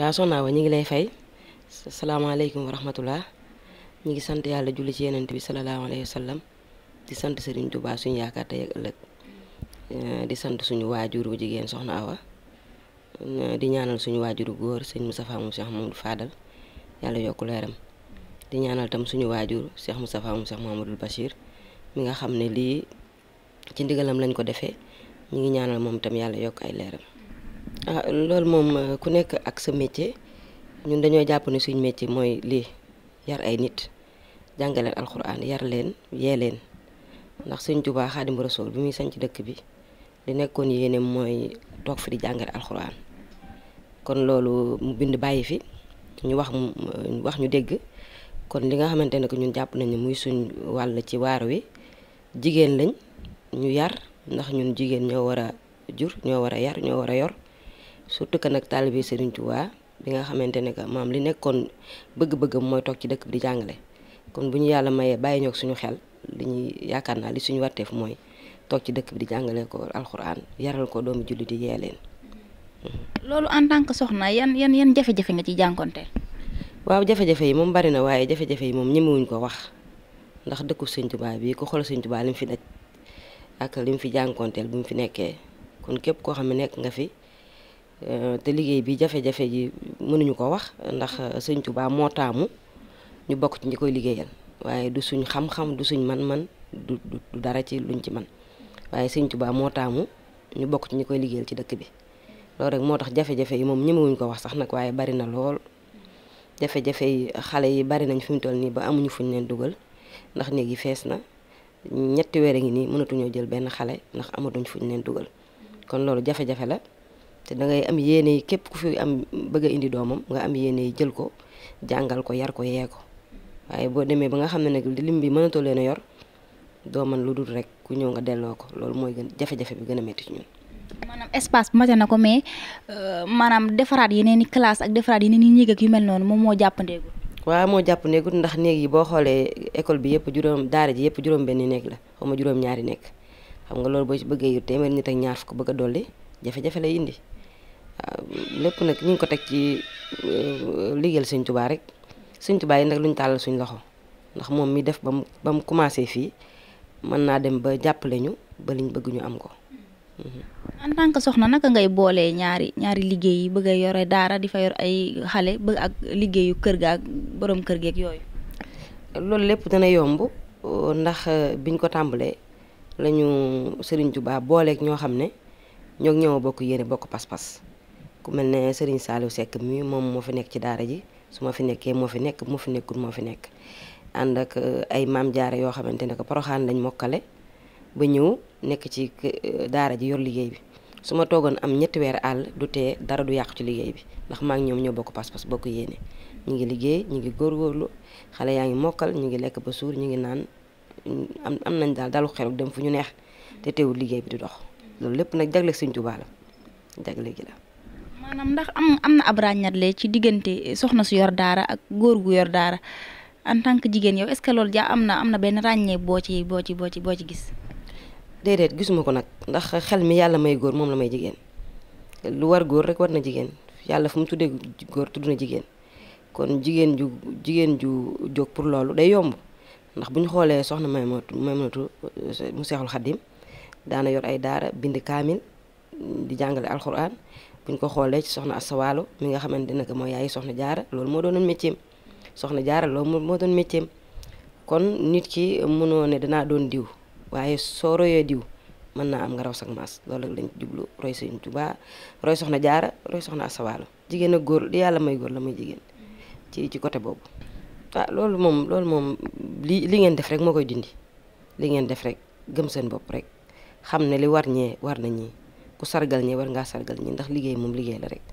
waaw soxna Awa ñu ngi lay fay salaamaaleykum wa rahmatullah ñu ngi sant yàlla julli ci yeneent bi salallaahu alayhi wa sallam di sant Sëriñ Tuubaa suñu yaakaar tey ak ëllëg eh, di sant suñu waajur wu jigéen soxna Awa eh, di ñaanal suñu waajuru góor sëñ Moustapha moom Cheikh Mamadou Fadal yàlla yokk leeram di ñaanal tam suñu waajur Cheikh Moustapha moom Cheikh Mamadou Bachir mi nga xam ne lii ci ndigalam lañ ko defee ñu ngi ñaanal moom tam yàlla yokk ay leeram ah loolu moom euh, ku nekk ak sa métier ñun dañoo jàpp ne suñ métier mooy lii yar ay nit jàngaleel alxuraan yar leen yee leen ndax sëñ Tuubaa Xaadimu Rasuul bi muy sañc dëkk bi li nekkoon yéene mooy toog fi alxuraan kon loolu mu bind bàyyi fi ñu wax euh, wax ñu dégg kon li nga xamante ne que ñun jàpp nañu muy suñ wàll ci waar wi jigéen lañ ñu yar ndax ñun jigéen ñoo war a jur ñoo war a yar ñoo war a yor surtout que nag taalibe Serigne Touba bi nga xamante ne que maam li nekkoon bëgg-bëggam mooy toog ci dëkk bi di jàngale kon bu ñu yàlla mayee bàyyi ñoo suñu xel li ñuy yaakaar naa li suñu warteef mooy toog ci dëkk bi di jàngale ko alxuraan yaral ko doomu julli di yee leen. loolu en tant que soxna yan yan yan jafe-jafe nga ci jànkonteel. waaw jafe-jafe yi moom bari na waaye jafe-jafe yi moom ñemewuñ ko wax ndax dëkku Sëñ Touba bi ko xol Sëñ Touba li mu fi daj ak li mu fi jànkonteel bi mu fi nekkee kon képp koo xam ne nekk nga fi. Euh, te liggéey bi jafe-jafe ji mënuñu ko wax ndax euh, sëñtu Tuubaa moo taamu ñu bokk ci ñi koy liggéeyal waaye du suñ xam-xam du suñ man-man du dara ci luñ ci man waaye sëñtu Tuubaa moo taamu ñu bokk ci ñi koy liggéeyal ci dëkk bi loolu rek moo tax jafe-jafe yi moom ñemewuñ ko wax sax nag waaye bari na lool jafe-jafe yi xale yi bari nañ fi mu toll nii ba amuñu fuñ leen dugal ndax néegi fees na ñetti weer a ngi nii mënatuñoo jël benn xale ndax amatuñ fuñ leen dugal kon loolu jafe la te da ngay am yéene yi képp ku fi am bëgg a indi doomam nga am yéene yi jël ko jàngal ko yar ko yee ko waaye boo demee ba nga xam ne nag lim bi mënatoo leen a yor doo man lu dul rek ku ñëw nga delloo ko loolu mooy gën jafe-jafe bi gën a métti ci ñun. maanaam espace mate na ko mais euh, maanaam defaraat yeneen i classe ak defaraat yeneen i néeg ak yu mel noonu moom moo jàppandeegul. waaw moo jàppandeegul ndax néeg yi boo xoolee école bi yëpp juróom daara ji yëpp juróom benn néeg la xaw ma juróom ñaari nekk xam nga loolu boo ci bëggee yu téeméer nit ak ñaar bëgg a jafe-jafe lay indi lépp nag ñu ngi ko teg ci euh, liggéeyal Sëñ Tuubaa rek Sëñ Tuubaa yi nag lu ñu tàllal suñ loxo ndax moom mi def ba mu ba mu commencé fii mën naa dem ba jàppale ñu ba liñ bëgg am ko. Mm-hmm. en tant que soxna naka ngay boolee ñaari ñaari liggéey bëgg a yore daara di fa yor ay xale bëgg ak liggéeyu kër ga ak borom kër geeg yooyu. loolu lépp dana yomb ndax bi euh, biñ ko tàmbalee lañu Sëriñ tubaa booleek ñoo xam ne. ñoo ngi bokk yéene bokk pas-pas ku mel ne Serigne Saliou sekk mii moom moo fi nekk ci daara ji su ma fi nekkee moo fi nekk moo fi nekkul moo fi nekk ànd ak eh, ay maam jaare yoo xamante ne que poroxaan lañ mokkale ba ñëw nekk ci eh, daara ji yor liggéey bi su ma toogoon am ñetti weer àll du tee dara du yàqu ci liggéey bi ndax maa ngi ñoom ñoo bokk pas-pas bokk yéene ñu ngi liggéey ñu ngi góorgóorlu xale yaa ngi mokkal ñu ngi lekk ba suur ñu ngi naan mm, am am nañ daal dalu xel dem fu ñu neex te teewul liggéey bi di dox loolu lépp nag jagleel Sëñ Tuubaa la jagleel gi la. maanaam ndax am am na ab ràññatle ci diggante soxna su yor daara ak góor gu yor daara en tant que jigéen yow est-ce que loolu jaa am na am na benn ràññee boo ci boo ci boo ci boo ci gis. déedéet gisuma ko nag ndax xel mi yàlla may góor moom la may jigéen lu war góor rek war na jigéen yàlla fu mu tuddee góor tuddu na jigéen kon jigéen ju jigéen ju jóg pour loolu day yomb ndax bu ñu xoolee soxna Maymunatu Maymunatu euh, mu Seexul Xaddim daana yor ay daara bind kaamil di jàngale alxuraan buñ ko xoolee ci soxna asawaalo mi nga xamante ne que mooy yaayi soxna jaara loolu moo doonoon métier soxna jaara loolu moo doon métier kon nit ki mënoo ne danaa doon diw waaye soo royee diw mën naa am nga raw sax maas loolu lañ jublu roy sëñ Tuubaa roy soxna jaara roy soxna asawaalo jigéen ak góor yàlla may góor la may jigéen ci ci côté boobu ah loolu moom loolu moom li li ngeen def rek moo koy dindi li ngeen def rek gëm seen bopp rek xam ne li war ñee war na ñi ku sargal ñee war ngaa sargal ñi ndax liggéey moom liggéey la rek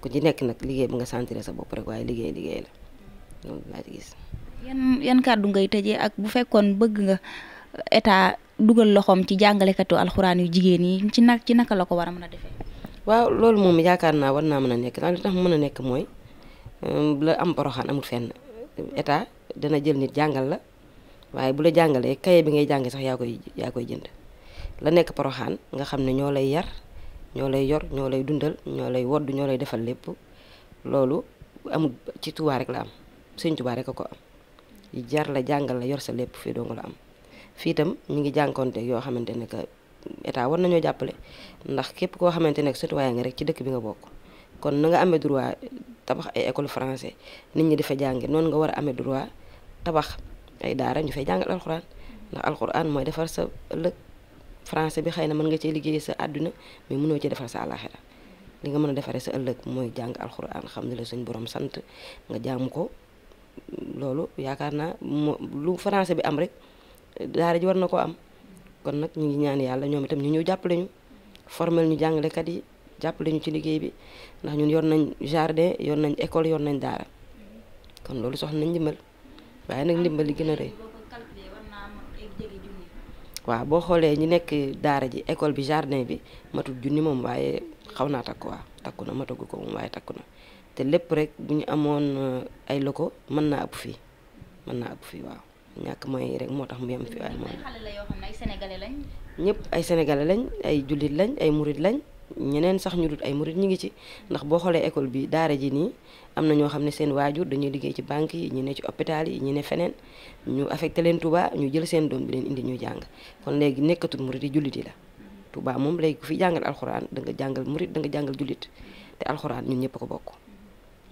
ku ci nekk nag liggéey bu nga sentir sa bopp rek waaye liggéey liggéey laa gis. yan yan kàddu ngay ak bu fekkoon bëgg nga état dugal loxoom ci jàngalekatu alxuraan yu jigéen yi ci nag ci naka la ko war a mën a defee. waaw loolu moom yaakaar naa war naa mën a nekk ndax li tax mën a nekk mooy um, la am poroxaan amul fenn état dana jël nit jàngal la waaye bu la jàngalee kaye bi ngay jàng sax yaa koy yaa koy jënd. la nekk poroxaan nga xam ne ñoo lay yar ñoo lay yor ñoo lay dundal ñoo lay wodd ñoo lay defal lépp loolu amul ci Tuubaa rek la am sëñ Tuubaa rek a ko am jar la jàngal la yor sa lépp fii dong la am fii tam ñu ngi jànkonte yoo xamante ne que état war nañoo jàppale ndax képp koo xamante ne citoyen nga rek ci dëkk bi nga bokk kon na nga amee droit tabax ay école français nit ñi di fa noonu nga war a amee droit tabax ay daara fay jàngal alxuraan ndax alxuraan mooy defar sa ëllëg français bi xëy na mën nga cee liggéey sa àdduna mais munoo ci defar sa àllaaxira li nga mën a defaree sa ëllëg mooy jàng alxuraan xam ne la suñ borom sant nga jàmm ko loolu yaakaar naa lu français bi am rek daara ji war na ko am kon nag ñu ngi ñaan yàlla ñoom itam ñu ñëw jàppale ñu formel ñu jàngalekat yi jàppale ñu ci liggéey bi ndax ñun yoon nañ jardin yoon nañ école yoon nañ daara kon loolu soxla nañ ndimbal waaye nag ndimbal li gën a waaw boo xoolee ñi nekk daara ji école bi jardin bi matul junni moom waaye xaw naa takku waaw takku na matagu ko moom waaye takku na te lépp rek bu ñu amoon euh, ay loko mën naa ëpp fii mën naa ëpp fii waaw ñàkk mooy rek moo tax mu yem fii waaye moom ñëpp ay sénégalais lañ ay jullit lañ ay murit lañ ñeneen sax ñu dut ay murit ñu ngi ci ndax boo xoolee école bi daara ji nii am na ñoo xam ne seen waajur dañuy liggéey ci banque yi ñu ne ci hôpital yi ñu ne feneen ñu affecté leen Touba ñu jël seen doom bi leen indi ñuy jàng kon léegi nekkatul murit yi jullit yi la Touba moom léegi ku fi jàngal alxuraan da nga jàngal murit da nga jàngal jullit te alxuraan ñun ñëpp ko bokk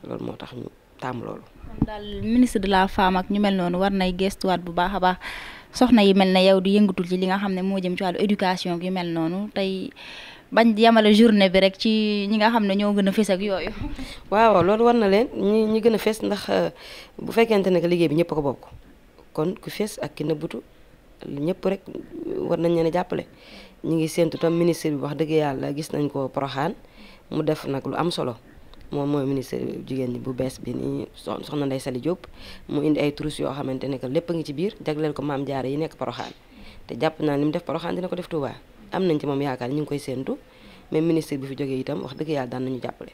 loolu moo tax ñu taam loolu. kon daal ministre de la femme ak ñu mel noonu war nay gestuwaat bu baax a baax soxna yi mel ne yow di yëngatul li nga xam ne moo jëm ci wàllu éducation yu mel noonu tey bañ yamale journée bi rek ci ñi nga xam ne ñoo gën a fees ak yooyu. waaw loolu war na leen ñi ñi gën a fees ndax euh, bu fekkente ne que liggéey bi ñëpp ko bokk kon ku fees ak ki nëbbutu ñëpp rek war nañ leen jàppale ñu ngi séntu tam ministre bi wax dëgg yàlla gis nañ ko Poroxaan mu def nag lu am solo. moom mooy ministre jigéen ñi bu bees bi nii soxna Ndeye Sali Diop mu indi ay trousse yoo xamante ne que lépp a ngi ci biir jagleel ko maam jaare yi nekk Poroxaan te jàpp naa ni mu def Poroxaan dina ko def am nañ ci moom yaakaar ñu ngi koy séentu mais ministre bi fi jógee itam wax dëgg yàlla daan nañu jàppale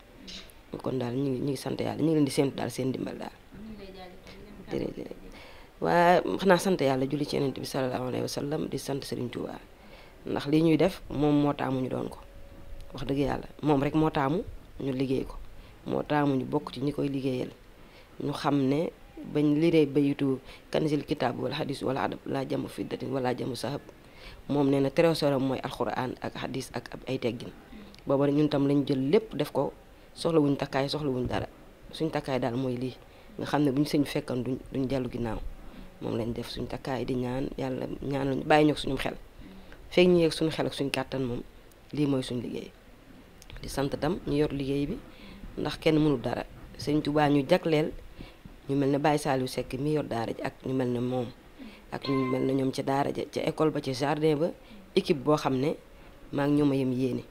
kon daal ñu ngi ñu ngi sant yàlla ñu ngi leen di séentu daal seen dimbal daal jërëjëf waa xanaa sant yàlla julli ci yonent bi sallallahu alayhi wa sallam di sant Serigne Touba ndax lii ñuy def moom moo taamu ñu doon ko wax dëgg yàlla moom rek moo taamu ñu liggéey ko moo taamu ñu bokk ci ñi koy liggéeyal ñu xam ne ba bañ liree bayitu kanzil kitaab wala xadis wala adab laa jamu fiddatin wala jamu sahab moom nee na trésor mooy alxuraan ak hadis ak ay teggin booba ñun tam lañu jël lépp def ko soxlawuñ takkaay soxlawuñ dara suñ takkaay daal mooy lii xam ne bu ñu sëñ fekkan duñ duñ dellu ginnaaw moom lañ def suñ takkaay di ñaan yàlla ñaan bàyyi ñoog suñu xel fekk ñu yeeg suñu xel ak suñ kàttan moom lii mooy suñ liggéey di sant tam ñu yor liggéey bi ndax kenn mënul dara sëñ Tuubaa ñu jagleel ñu mel ne bàyyi Saliou sekk mi yor daara ji ak ñu mel ne moom ak ñu mel na ñoom ca daara ja ca école ba ci jardin ba équipe boo xam ne maa ngi ñoom a yem yéene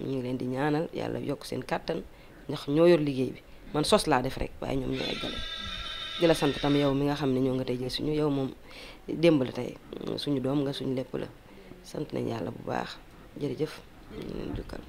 ñu ngi leen di ñaanal yàlla yokk seen kàttan ndax ñoo yor liggéey bi man sos laa def rek waaye ñoom ñoo eggale di la sant tam yow mi nga xam ne ñoo nga tey jël suñu yow moom démb la tey suñu doom nga suñu lépp la sant nañ yàlla bu baax jërëjëf ñu leen jukkal